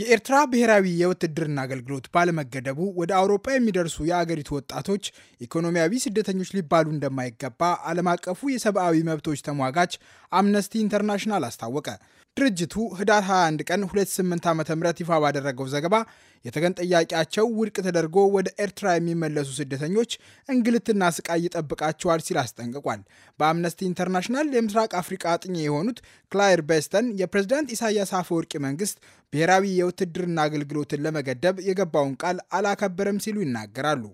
የኤርትራ ብሔራዊ የውትድርና አገልግሎት ባለመገደቡ ወደ አውሮፓ የሚደርሱ የአገሪቱ ወጣቶች ኢኮኖሚያዊ ስደተኞች ሊባሉ እንደማይገባ ዓለም አቀፉ የሰብአዊ መብቶች ተሟጋች አምነስቲ ኢንተርናሽናል አስታወቀ። ድርጅቱ ህዳር 21 ቀን 28 ዓ ም ይፋ ባደረገው ዘገባ የተገን ጥያቄያቸው ውድቅ ተደርጎ ወደ ኤርትራ የሚመለሱ ስደተኞች እንግልትና ስቃይ ይጠብቃቸዋል ሲል አስጠንቅቋል። በአምነስቲ ኢንተርናሽናል የምስራቅ አፍሪቃ አጥኚ የሆኑት ክላይር ቤስተን የፕሬዝዳንት ኢሳያስ አፈወርቂ መንግስት ብሔራዊ የውትድርና አገልግሎትን ለመገደብ የገባውን ቃል አላከበረም ሲሉ ይናገራሉ።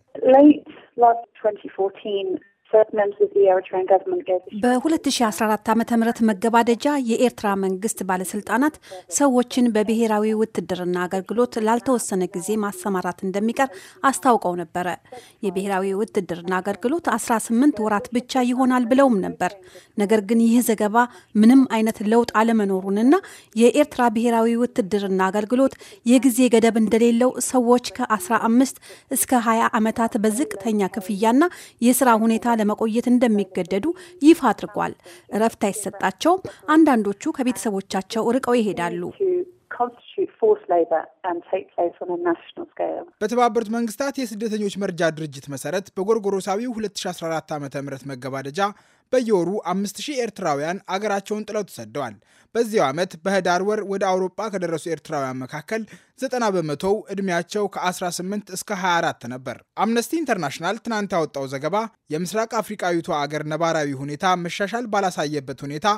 በ2014 ዓ ም መገባደጃ የኤርትራ መንግስት ባለስልጣናት ሰዎችን በብሔራዊ ውትድርና አገልግሎት ላልተወሰነ ጊዜ ማሰማራት እንደሚቀር አስታውቀው ነበረ። የብሔራዊ ውትድርና አገልግሎት 18 ወራት ብቻ ይሆናል ብለውም ነበር። ነገር ግን ይህ ዘገባ ምንም አይነት ለውጥ አለመኖሩንና የኤርትራ ብሔራዊ ውትድርና አገልግሎት የጊዜ ገደብ እንደሌለው ሰዎች ከ15 እስከ 20 ዓመታት በዝቅተኛ ክፍያና የስራ ሁኔታ ለመቆየት እንደሚገደዱ ይፋ አድርጓል። እረፍት አይሰጣቸውም። አንዳንዶቹ ከቤተሰቦቻቸው ርቀው ይሄዳሉ። በተባበሩት መንግስታት የስደተኞች መርጃ ድርጅት መሰረት በጎርጎሮሳዊው 2014 ዓ ም መገባደጃ በየወሩ 5000 ኤርትራውያን አገራቸውን ጥለው ተሰደዋል። በዚያው ዓመት በህዳር ወር ወደ አውሮጳ ከደረሱ ኤርትራውያን መካከል 90 በመቶው ዕድሜያቸው ከ18 እስከ 24 ነበር። አምነስቲ ኢንተርናሽናል ትናንት ያወጣው ዘገባ የምስራቅ አፍሪቃዊቱ አገር ነባራዊ ሁኔታ መሻሻል ባላሳየበት ሁኔታ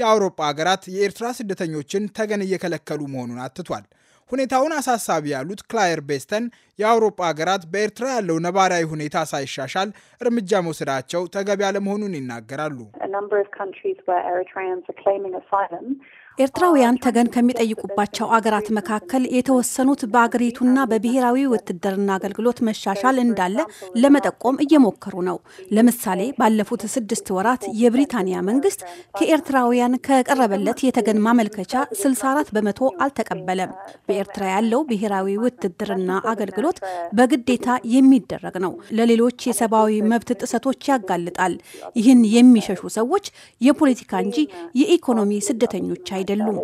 የአውሮጳ አገራት የኤርትራ ስደተኞችን ተገን እየከለከሉ መሆኑን አትቷል። አመልክቷል። ሁኔታውን አሳሳቢ ያሉት ክላየር ቤስተን የአውሮፓ ሀገራት በኤርትራ ያለው ነባራዊ ሁኔታ ሳይሻሻል እርምጃ መውሰዳቸው ተገቢ አለመሆኑን ይናገራሉ። ኤርትራውያን ተገን ከሚጠይቁባቸው አገራት መካከል የተወሰኑት በአገሪቱና በብሔራዊ ውትድርና አገልግሎት መሻሻል እንዳለ ለመጠቆም እየሞከሩ ነው። ለምሳሌ ባለፉት ስድስት ወራት የብሪታንያ መንግስት ከኤርትራውያን ከቀረበለት የተገን ማመልከቻ 64 በመቶ አልተቀበለም። በኤርትራ ያለው ብሔራዊ ውትድርና አገልግሎት አገልግሎት በግዴታ የሚደረግ ነው። ለሌሎች የሰብአዊ መብት ጥሰቶች ያጋልጣል። ይህን የሚሸሹ ሰዎች የፖለቲካ እንጂ የኢኮኖሚ ስደተኞች አይደሉም።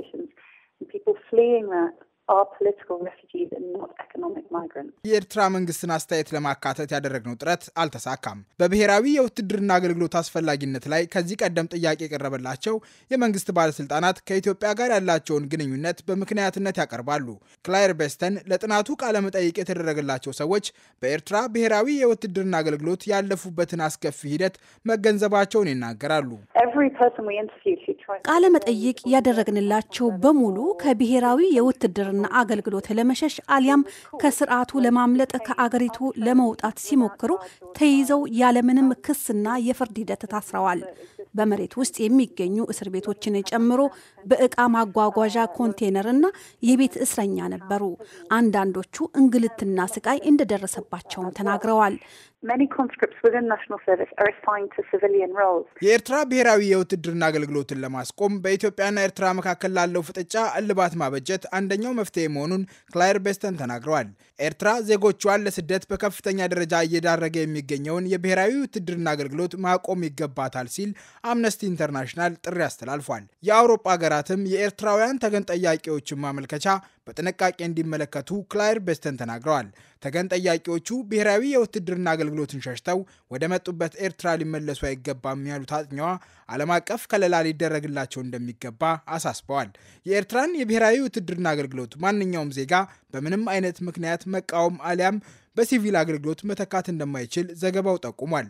የኤርትራ መንግስትን አስተያየት ለማካተት ያደረግነው ጥረት አልተሳካም። በብሔራዊ የውትድርና አገልግሎት አስፈላጊነት ላይ ከዚህ ቀደም ጥያቄ የቀረበላቸው የመንግስት ባለስልጣናት ከኢትዮጵያ ጋር ያላቸውን ግንኙነት በምክንያትነት ያቀርባሉ። ክላይር ቤስተን ለጥናቱ ቃለመጠይቅ የተደረገላቸው ሰዎች በኤርትራ ብሔራዊ የውትድርና አገልግሎት ያለፉበትን አስከፊ ሂደት መገንዘባቸውን ይናገራሉ። ቃለመጠይቅ ያደረግንላቸው በሙሉ ከብሔራዊ የውትድርና ከመዋቅርና አገልግሎት ለመሸሽ አሊያም ከስርዓቱ ለማምለጥ ከአገሪቱ ለመውጣት ሲሞክሩ ተይዘው ያለምንም ክስና የፍርድ ሂደት ታስረዋል። በመሬት ውስጥ የሚገኙ እስር ቤቶችን ጨምሮ በእቃ ማጓጓዣ እና የቤት እስረኛ ነበሩ። አንዳንዶቹ እንግልትና ስቃይ እንደደረሰባቸውም ተናግረዋል። የኤርትራ ብሔራዊ የውትድርና አገልግሎትን ለማስቆም በኢትዮጵያና ኤርትራ መካከል ላለው ፍጥጫ እልባት ማበጀት አንደኛው መፍትሄ መሆኑን ክላይር ቤስተን ተናግረዋል። ኤርትራ ዜጎቿን ለስደት በከፍተኛ ደረጃ እየዳረገ የሚገኘውን የብሔራዊ ውትድርና አገልግሎት ማቆም ይገባታል ሲል አምነስቲ ኢንተርናሽናል ጥሪ አስተላልፏል። የአውሮፓ ሀገራትም የኤርትራውያን ተገን ጠያቂዎችን ማመልከቻ በጥንቃቄ እንዲመለከቱ ክላይር ቤስተን ተናግረዋል። ተገን ጠያቂዎቹ ብሔራዊ የውትድርና አገልግሎትን ሸሽተው ወደ መጡበት ኤርትራ ሊመለሱ አይገባም ያሉት አጥኚዋ ዓለም አቀፍ ከለላ ሊደረግላቸው እንደሚገባ አሳስበዋል። የኤርትራን የብሔራዊ ውትድርና አገልግሎት ማንኛውም ዜጋ በምንም አይነት ምክንያት መቃወም አሊያም በሲቪል አገልግሎት መተካት እንደማይችል ዘገባው ጠቁሟል።